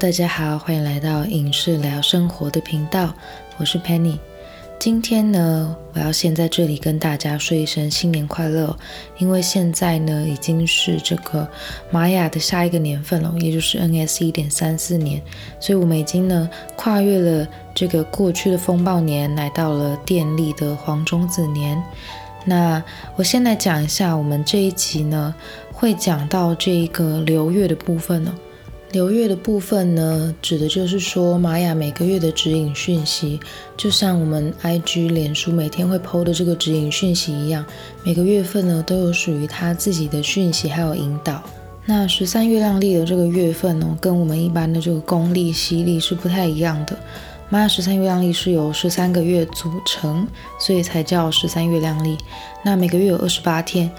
大家好，歡迎來到影視聊生活的頻道，我是 Penny。今天呢，我要先在這裡跟大家說一聲新年快樂、哦，因為現在呢已經是這個瑪雅的下一個年份了，也就是 N.S. 一點三四年，所以我們已經呢跨越了這個過去的風暴年，來到了電力的黃種子年。那我先來講一下，我們這一集呢會講到這一個流月的部分呢。流月的部分呢，指的就是說瑪雅每個月的指引訊息，就像我們 I G 臉書，每天會 PO 的這個指引訊息一樣，每個月份呢都有屬於它自己的訊息還有引導。那十三月亮曆的這個月份哦，跟我們一般的這個公曆、西曆是不太一樣的。瑪雅十三月亮曆是由十三個月組成，所以才叫十三月亮曆。那每個月有二十八天。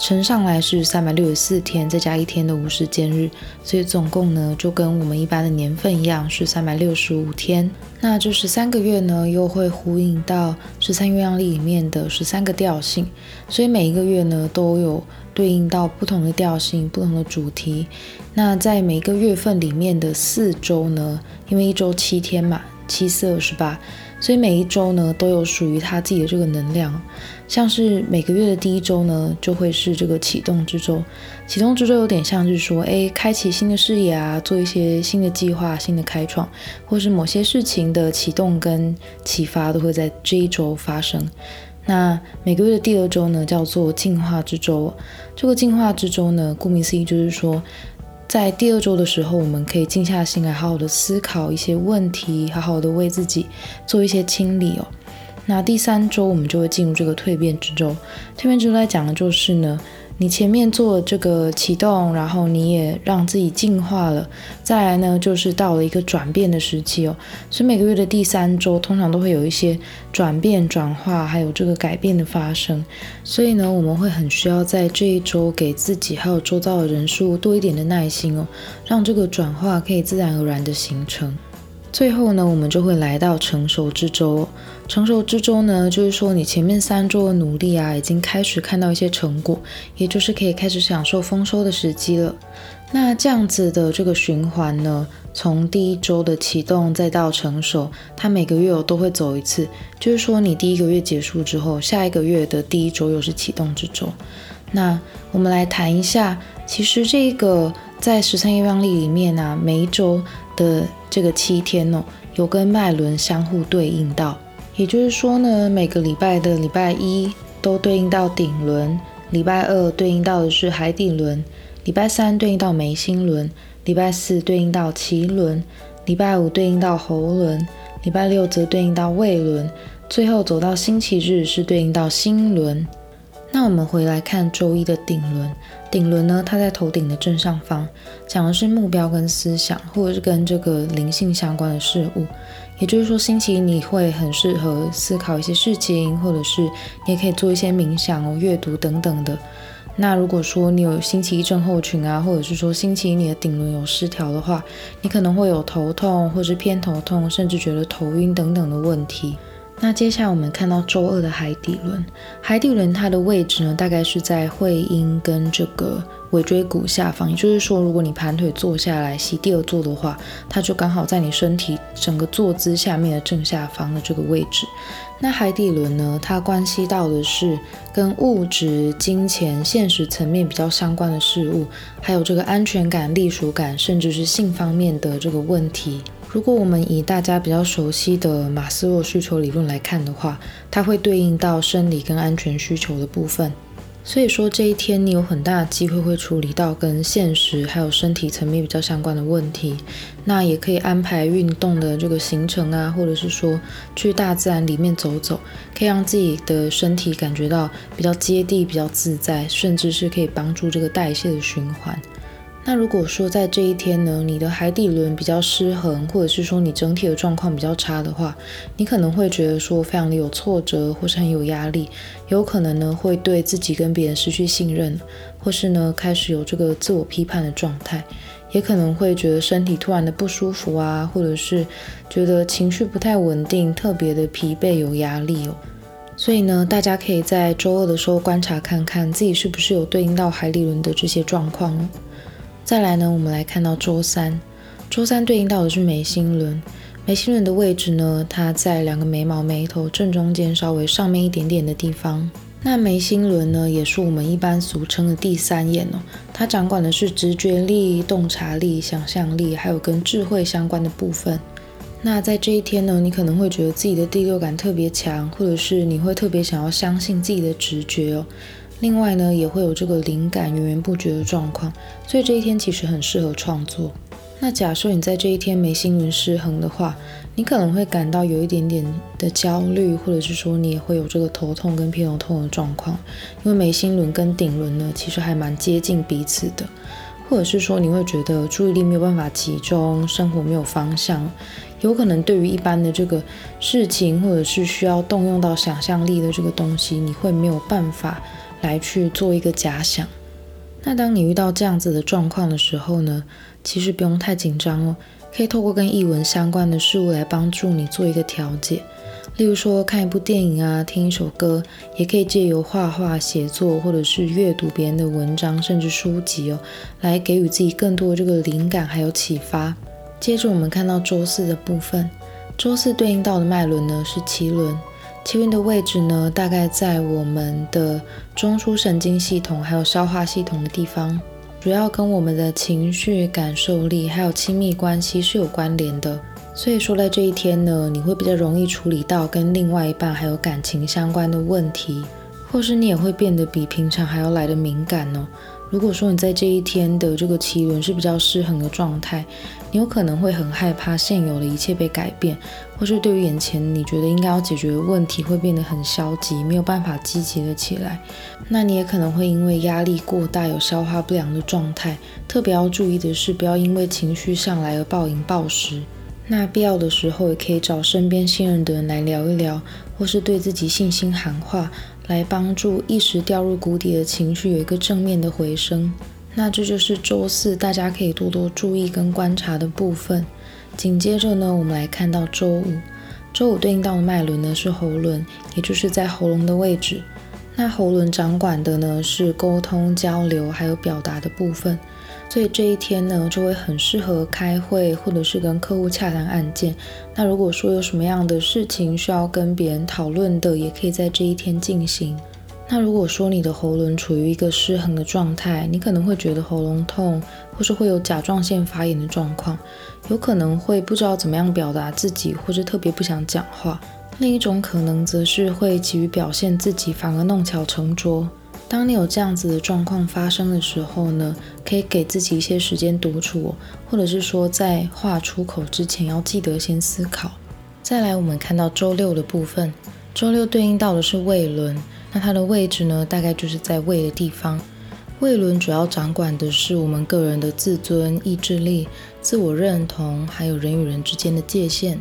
乘上來是三百六十四天，再加一天的無時間日，所以總共呢就跟我們一般的年份一樣是三百六十五天。那這十三個月呢又會呼應到十三月亮曆裡面的十三個調性，所以每一個月呢都有對應到不同的調性、不同的主題。那在每一個月份裡面的四周呢，因為一周七天嘛，七四二十八，所以每一周呢都有屬於它自己的這個能量。像是每個月的第一週呢，就會是這個啟動之週。啟動之週有點像是說，哎，開啟新的視野啊，做一些新的計劃、新的開創，或是某些事情的啟動跟啟發，都會在這一週發生。那每個月的第二週呢，叫做進化之週。這個進化之週呢，顧名思義就是說，在第二週的時候，我們可以靜下心來，好好的思考一些問題，好好的為自己做一些清理哦。那第三周，我們就會進入這個蛻變之週。蛻變之週在講的就是呢，你前面做了這個啟動，然後你也讓自己進化了，再來呢，就是到了一個轉變的時期哦。所以每個月的第三周，通常都會有一些轉變、轉化，還有這個改變的發生。所以呢，我們會很需要在這一周給自己還有周遭的人數多一點的耐心哦，讓這個轉化可以自然而然的形成。最後呢，我們就會來到成熟之周。成熟之周呢，就是說你前面三周的努力啊，已經開始看到一些成果，也就是可以開始享受豐收的時機了。那這樣子的這個循環呢，從第一周的啟動再到成熟，它每個月我都會走一次。就是說，你第一個月結束之後，下一個月的第一周又是啟動之周。那我們來談一下，其實這個在十三月亮曆裡面啊，每一周的。這個七天哦，有跟脈輪相互對應到，也就是說呢，每個禮拜的禮拜一都對應到頂輪，禮拜二對應到的是海底輪，禮拜三對應到眉心輪，禮拜四對應到臍輪，禮拜五對應到喉輪，禮拜六則對應到胃輪，最後走到星期日是對應到心輪。那我們回來看週一的頂輪，頂輪呢，它在頭頂的正上方，講的是目標跟思想，或者是跟這個靈性相關的事物。也就是說，星期一你會很適合思考一些事情，或者是你也可以做一些冥想、閱讀等等的。那如果說你有星期一症候群啊，或者是說星期一你的頂輪有失調的話，你可能會有頭痛，或者是偏頭痛，甚至覺得頭暈等等的問題。那接下來我們看到週二的海底輪，海底輪它的位置呢，大概是在會陰跟這個尾椎骨下方。也就是說，如果你盤腿坐下來，席地而坐的話，它就剛好在你身體整個坐姿下面的正下方的這個位置。那海底輪呢，它關係到的是跟物質、金錢、現實層面比較相關的事物，還有這個安全感、隸屬感，甚至是性方面的這個問題。如果我們以大家比較熟悉的馬斯洛需求理論來看的話，它會對應到生理跟安全需求的部分。所以說這一天你有很大的機會會處理到跟現實還有身體層面比較相關的問題。那也可以安排運動的這個行程啊，或者是說去大自然裡面走走，可以讓自己的身體感覺到比較接地、比較自在，甚至是可以幫助這個代謝的循環。那如果說在這一天呢，你的海底輪比較失衡，或者是說你整體的狀況比較差的話，你可能會覺得說非常的有挫折，或是很有壓力，有可能呢會對自己跟別人失去信任，或是呢開始有這個自我批判的狀態，也可能會覺得身體突然的不舒服啊，或者是覺得情緒不太穩定，特別的疲憊有壓力哦。所以呢，大家可以在週二的時候觀察看看自己是不是有對應到海底輪的這些狀況哦。再來呢，我們來看到週三。週三對應到的是眉心輪，眉心輪的位置呢，它在兩個眉毛眉頭正中間稍微上面一點點的地方。那眉心輪呢，也是我們一般俗稱的第三眼哦，它掌管的是直覺力、洞察力、想象力，還有跟智慧相關的部分。那在這一天呢，你可能會覺得自己的第六感特別強，或者是你會特別想要相信自己的直覺哦。另外呢，也會有這個靈感源源不絕的狀況，所以這一天其實很適合創作。那假設你在這一天眉心輪失衡的話，你可能會感到有一點點的焦慮，或者是說你也會有這個頭痛跟偏頭痛的狀況，因為眉心輪跟頂輪呢其實還蠻接近彼此的，或者是說你會覺得注意力沒有辦法集中，生活沒有方向，有可能對於一般的這個事情，或者是需要動用到想象力的這個東西，你會沒有辦法。來去做一個假想。那當你遇到這樣子的狀況的時候呢，其實不用太緊張哦，可以透過跟藝文相關的事物來幫助你做一個調節，例如說看一部電影啊，聽一首歌，也可以借由畫畫、寫作，或者是閱讀別人的文章，甚至書籍哦，來給予自己更多的這個靈感還有啟發。接着我們看到周四的部分，周四對應到的脈輪呢是臍輪。氣溫的位置呢，大概在我們的中樞神經系統，還有消化系統的地方，主要跟我們的情緒感受力，還有親密關係是有關聯的。所以說，在這一天呢，你會比較容易處理到跟另外一半還有感情相關的問題，或是你也會變得比平常還要來得敏感哦。如果說你在這一天的這個臍輪是比較失衡的狀態，你有可能會很害怕現有的一切被改變，或是對於眼前你覺得應該要解決的問題會變得很消極，沒有辦法積極的起來。那你也可能會因為壓力過大，有消化不良的狀態，特別要注意的是不要因為情緒上來而暴飲暴食。那必要的時候也可以找身邊信任的人來聊一聊，或是對自己信心喊話，來幫助一時掉入谷底的情緒有一個正面的回升，那這就是周四大家可以多多注意跟觀察的部分。緊接着呢，我們來看到周五，周五對應到的脈輪呢是喉輪，也就是在喉嚨的位置。那喉輪掌管的呢是溝通、交流還有表達的部分。所以這一天呢，就會很適合開會，或者是跟客戶洽談案件。那如果說有什麼樣的事情需要跟別人討論的，也可以在這一天進行。那如果說你的喉嚨處於一個失衡的狀態，你可能會覺得喉嚨痛，或是會有甲狀腺發炎的狀況，有可能會不知道怎麼樣表達自己，或是特別不想講話。另一種可能則是會急於表現自己，反而弄巧成拙。當你有這樣子的狀況發生的時候呢，可以給自己一些時間獨處，或者是說在話出口之前要記得先思考。再來，我們看到周六的部分，周六對應到的是胃輪，那它的位置呢，大概就是在胃的地方。胃輪主要掌管的是我們個人的自尊、意志力、自我認同，還有人與人之間的界限。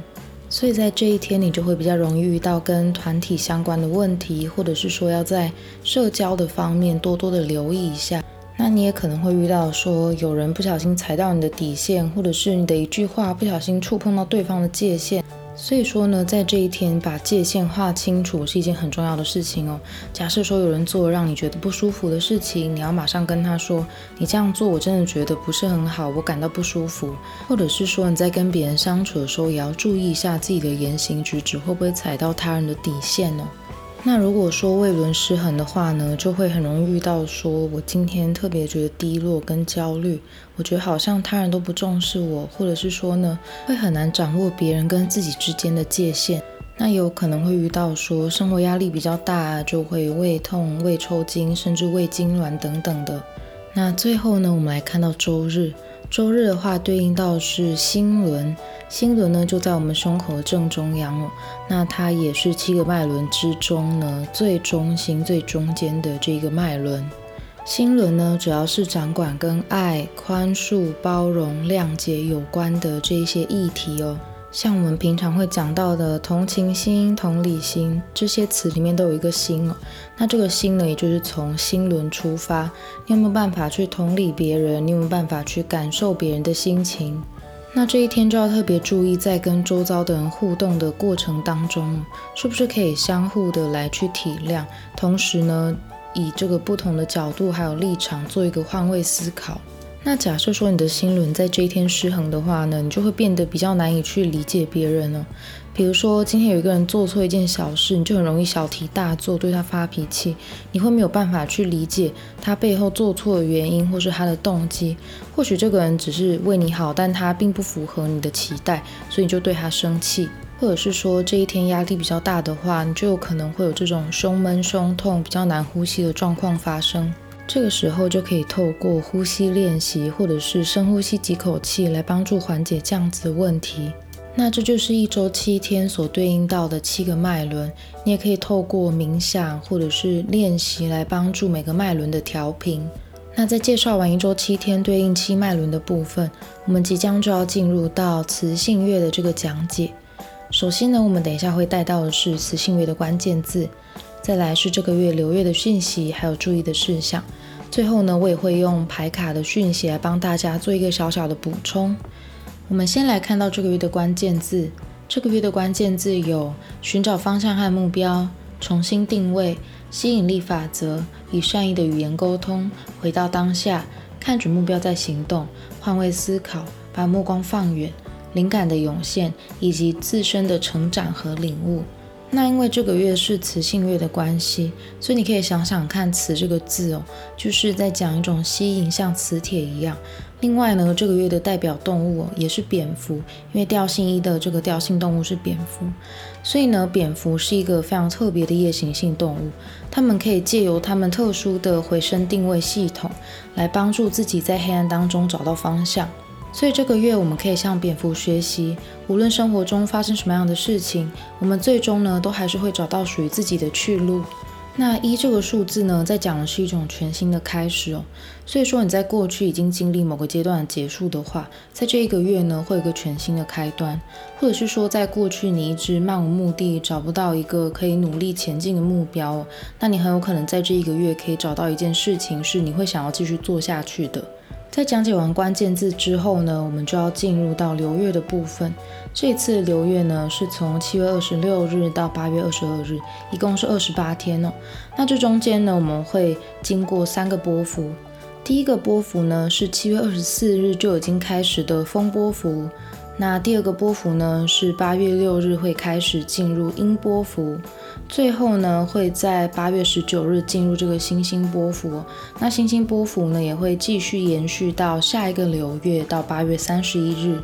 所以在這一天，你就會比較容易遇到跟團體相關的問題，或者是說要在社交的方面多多的留意一下。那你也可能會遇到說有人不小心踩到你的底線，或者是你的一句話不小心觸碰到對方的界限。所以說呢，在這一天把界限劃清楚是一件很重要的事情哦。假設說有人做了讓你覺得不舒服的事情，你要馬上跟他說：“你這樣做我真的覺得不是很好，我感到不舒服。”或者是說你在跟別人相處的時候，也要注意一下自己的言行舉止會不會踩到他人的底線哦。那如果說胃輪失衡的話呢，就會很容易遇到說，我今天特別覺得低落跟焦慮，我覺得好像他人都不重視我，或者是說呢，會很難掌握別人跟自己之間的界限。那有可能會遇到說，生活壓力比較大，就會胃痛、胃抽筋，甚至胃痙攣等等的。那最後呢，我們來看到周日。週日的話，對應到是心輪。心輪呢，就在我們胸口的正中央哦。那它也是七個脈輪之中呢，最中心、最中間的這個脈輪。心輪呢，主要是掌管跟愛、寬恕、包容、諒解有關的這一些議題哦。像我們平常會講到的同情心、同理心這些詞裡面都有一個心哦，那這個心呢，也就是從心輪出發，你有沒有辦法去同理別人？你有沒有辦法去感受別人的心情？那這一天就要特別注意，在跟周遭的人互動的過程當中，是不是可以相互的來去體諒，同時呢，以這個不同的角度還有立場做一個換位思考。那假設說你的心輪在這一天失衡的話呢，你就會變得比較難以去理解別人了。比如說今天有一個人做錯一件小事，你就很容易小題大做，對他發脾氣。你會沒有辦法去理解他背後做錯的原因，或是他的動機。或許這個人只是為你好，但他並不符合你的期待，所以你就對他生氣。或者是說這一天壓力比較大的話，你就有可能會有這種胸悶、胸痛、比較難呼吸的狀況發生。這個時候就可以透過呼吸練習，或者是深呼吸幾口氣，來幫助緩解這樣子的問題。那這就是一周七天所對應到的七個脈輪。你也可以透過冥想或者是練習來幫助每個脈輪的調頻。那在介紹完一周七天對應七脈輪的部分，我們即將就要進入到磁性月的這個講解。首先呢，我們等一下會帶到的是磁性月的關鍵字。再來是這個月流月的訊息，還有注意的事項。最後呢，我也會用牌卡的訊息來幫大家做一個小小的補充。我們先來看到這個月的關鍵字。這個月的關鍵字有：尋找方向和目標、重新定位、吸引力法則、以善意的語言溝通、回到當下、看準目標再行動、換位思考、把目光放遠、靈感的湧現，以及自身的成長和領悟。那因為這個月是磁性月的關係，所以你可以想想看“磁”這個字哦，就是在講一種吸引，像磁鐵一樣。另外呢，這個月的代表動物哦，也是蝙蝠，因為調性一的這個調性動物是蝙蝠，所以呢，蝙蝠是一個非常特別的夜行性動物，它們可以借由它們特殊的回聲定位系統來幫助自己在黑暗當中找到方向。所以這個月我們可以向蝙蝠學習，無論生活中發生什麼樣的事情，我們最終呢都還是會找到屬於自己的去路。那一這個數字呢，在講的是一種全新的開始哦。所以說你在過去已經經歷某個階段結束的話，在這一個月呢，會有個全新的開端，或者是說在過去你一直漫無目的，找不到一個可以努力前進的目標哦，那你很有可能在這一個月可以找到一件事情，是你會想要繼續做下去的。在講解完關鍵字之後呢，我們就要進入到流月的部分。這次流月呢，是從七月二十六日到八月二十二日，一共是二十八天哦。那這中間呢，我們會經過三個波符。第一個波符呢，是七月二十四日就已經開始的風波符。那第二個波符呢，是八月六日會開始進入鷹波符。最後呢，會在八月十九日進入這個星星波符。那星星波符呢，也會繼續延續到下一個流月，到八月三十一日。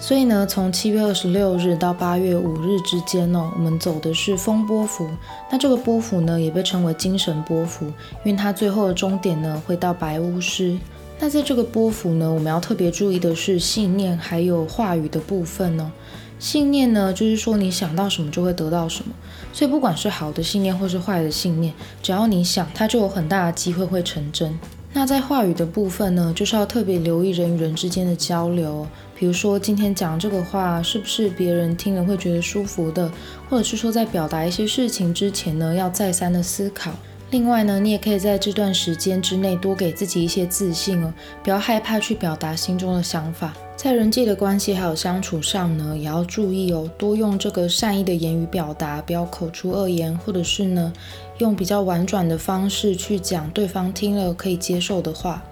所以呢，從七月二十六日到八月五日之間呢、哦，我們走的是風波符。那這個波符呢，也被稱為精神波符，因為它最後的終點呢會到白巫師。那在這個波符呢，我們要特別注意的是信念還有話語的部分哦。信念呢，就是說你想到什麼就會得到什麼，所以不管是好的信念或是壞的信念，只要你想，它就有很大的機會會成真。那在話語的部分呢，就是要特別留意人與人之間的交流。哦，比如說今天講這個話，是不是別人聽了會覺得舒服的？或者是說在表達一些事情之前呢，要再三的思考。另外呢，你也可以在這段時間之內多給自己一些自信哦，不要害怕去表達心中的想法。在人際的關係還有相處上呢，也要注意哦，多用這個善意的言語表達，不要口出惡言，或者是呢，用比較婉轉的方式去講對方聽了可以接受的話。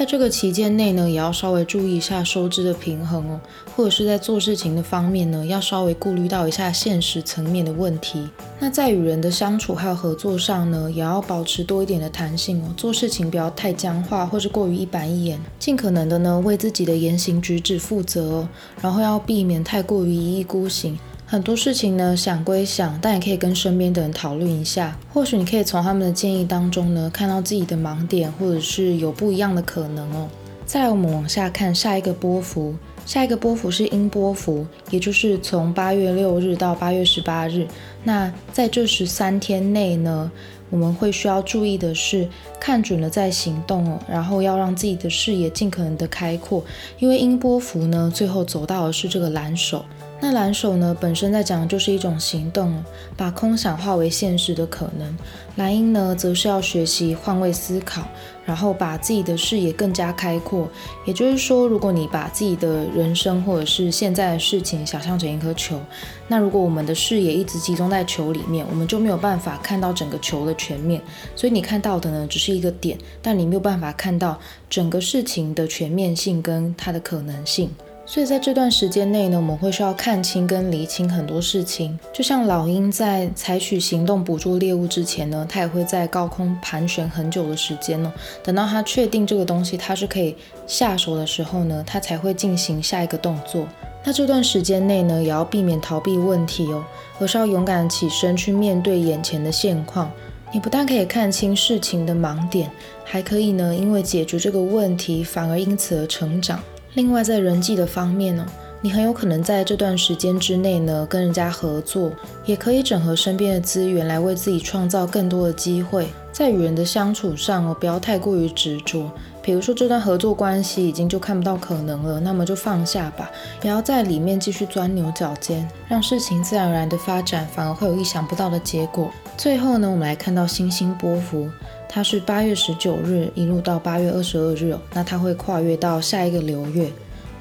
在這個期間內呢，也要稍微注意一下收支的平衡哦，或者是在做事情的方面呢，要稍微顧慮到一下現實層面的問題。那在與人的相處還有合作上呢，也要保持多一點的彈性哦，做事情不要太僵化，或是過於一板一眼，盡可能的呢，為自己的言行舉止負責，然後要避免太過於一意孤行。很多事情呢，想歸想，但也可以跟身邊的人討論一下，或許你可以從他們的建議當中呢，看到自己的盲點，或者是有不一樣的可能哦。再來我們往下看下一個波符，下一個波符是鷹波符，也就是從八月六日到八月十八日。那在這十三天內呢，我們會需要注意的是，看準了再行動哦，然後要讓自己的視野盡可能的開闊，因為鷹波符呢，最後走到的是這個藍手。那藍手呢，本身在講的就是一種行動，把空想化為現實的可能。藍鷹呢，則是要學習換位思考，然後把自己的視野更加開闊。也就是說，如果你把自己的人生或者是現在的事情想象成一顆球，那如果我們的視野一直集中在球裡面，我們就沒有辦法看到整個球的全面。所以你看到的呢，只是一個點，但你沒有辦法看到整個事情的全面性跟它的可能性。所以在這段時間內呢，我們會需要看清跟理清很多事情。就像老鷹在採取行動捕捉獵物之前呢，它也會在高空盤旋很久的時間呢哦，等到它確定這個東西它是可以下手的時候呢，它才會進行下一個動作。那這段時間內呢，也要避免逃避問題哦，而是要勇敢起身去面對眼前的現況。你不但可以看清事情的盲點，還可以呢，因為解決這個問題，反而因此而成長。另外，在人際的方面呢、哦，你很有可能在這段時間之內呢，跟人家合作，也可以整合身邊的資源來為自己創造更多的機會。在與人的相處上哦，不要太過於執着。比如說，這段合作關係已經就看不到可能了，那麼就放下吧，不要在裡面繼續鑽牛角尖，讓事情自然而然的發展，反而會有意想不到的結果。最後呢，我們來看到星星波符。它是八月十九日，一路到八月二十二日哦，那它會跨越到下一個流月。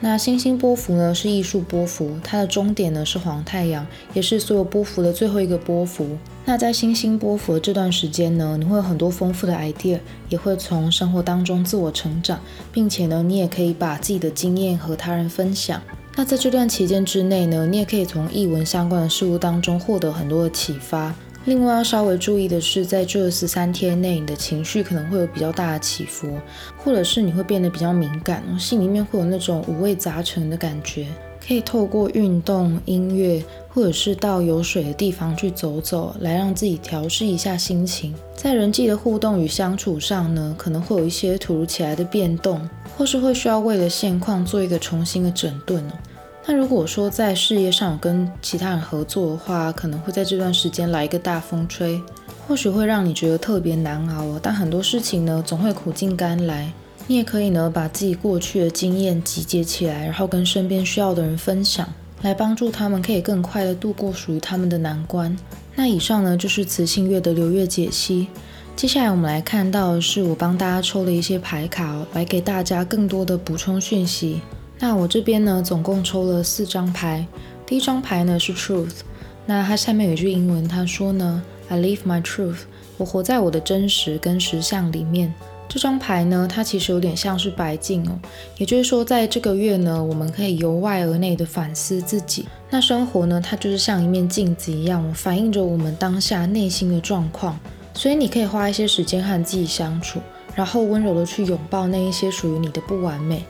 那星星波符呢是藝術波符，它的終點呢是黃太陽，也是所有波符的最後一個波符。那在星星波符的這段時間呢，你會有很多豐富的 idea，也會從生活當中自我成長，並且呢，你也可以把自己的經驗和他人分享。那在這段期間之內呢，你也可以從藝文相關的事物當中獲得很多的啟發。另外要稍微注意的是，在這十三天內，你的情緒可能會有比較大的起伏，或者是你會變得比較敏感，心裡面會有那種五味雜陳的感覺。可以透過運動、音樂，或者是到有水的地方去走走，來讓自己調適一下心情。在人際的互動與相處上呢，可能會有一些突如其來的變動，或是會需要為了現況做一個重新的整頓。那如果說在事業上有跟其他人合作的話，可能會在這段時間來一個大風吹，或許會讓你覺得特別難熬，但很多事情呢，總會苦盡甘來。你也可以呢，把自己過去的經驗集結起來，然後跟身邊需要的人分享，來幫助他們可以更快的度過屬於他們的難關。那以上呢，就是磁性月的流月解析。接下來我們來看到的是我幫大家抽的一些牌卡，來給大家更多的補充訊息。那我這邊呢，總共抽了四張牌。第一張牌呢是 Truth，那它下面有一句英文，它說呢：I leave my truth，我活在我的真實跟實相裡面。這張牌呢，它其實有點像是白鏡哦，也就是說，在這個月呢，我們可以由外而內的反思自己。那生活呢，它就是像一面鏡子一樣，反映着我們當下內心的狀況。所以你可以花一些時間和自己相處，然後溫柔的去擁抱那一些屬於你的不完美。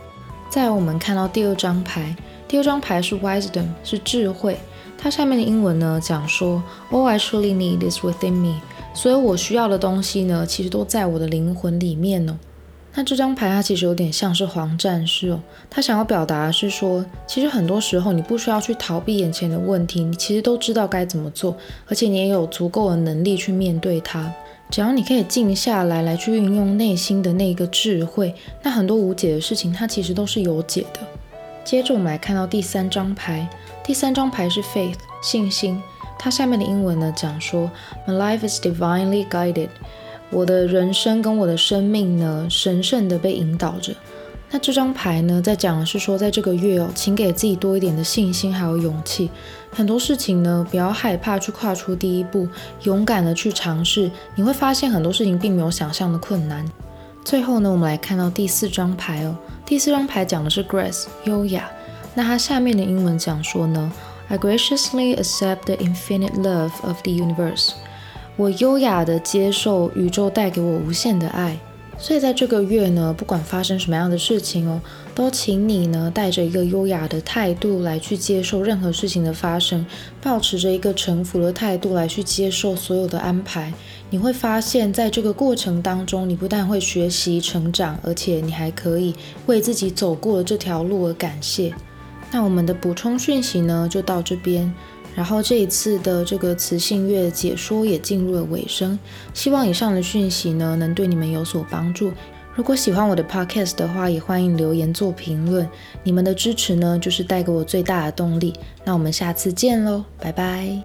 再來我們看到第二張牌，第二張牌是 Wisdom，是智慧。它下面的英文呢講說，All I truly need is within me。所有我需要的東西呢，其實都在我的靈魂裡面哦。那這張牌它其實有點像是黃戰士哦，它想要表達的是說，其實很多時候你不需要去逃避眼前的問題，你其實都知道該怎麼做，而且你也有足夠的能力去面對它。只要你可以靜下來，來去運用內心的那個智慧，那很多無解的事情，它其實都是有解的。接着我們來看到第三張牌，第三張牌是 Faith 信心，它下面的英文呢講說 My life is divinely guided，我的人生跟我的生命呢神聖地被引導着。那這張牌呢在講的是說，在這個月哦，請給自己多一點的信心還有勇氣。很多事情呢，不要害怕去跨出第一步，勇敢的去嘗試，你會發現很多事情並沒有想象的困難。最後呢，我們來看到第四張牌哦，第四張牌講的是 Grace，優雅。那它下面的英文講說呢，I graciously accept the infinite love of the universe，我優雅的接受宇宙帶給我無限的愛。所以在這個月呢，不管發生什麼樣的事情哦。都請你呢帶着一個優雅的態度來去接受任何事情的發生，保持着一個臣服的態度來去接受所有的安排。你會發現在這個過程當中，你不但會學習成長，而且你還可以為自己走過了這條路而感謝。那我們的補充訊息呢就到這邊，然後這一次的這個磁性月解說也進入了尾聲。希望以上的訊息呢能對你們有所幫助。如果喜歡我的 Podcast 的話，也歡迎留言做評論。你們的支持呢，就是帶給我最大的動力。那我們下次見嘍，拜拜。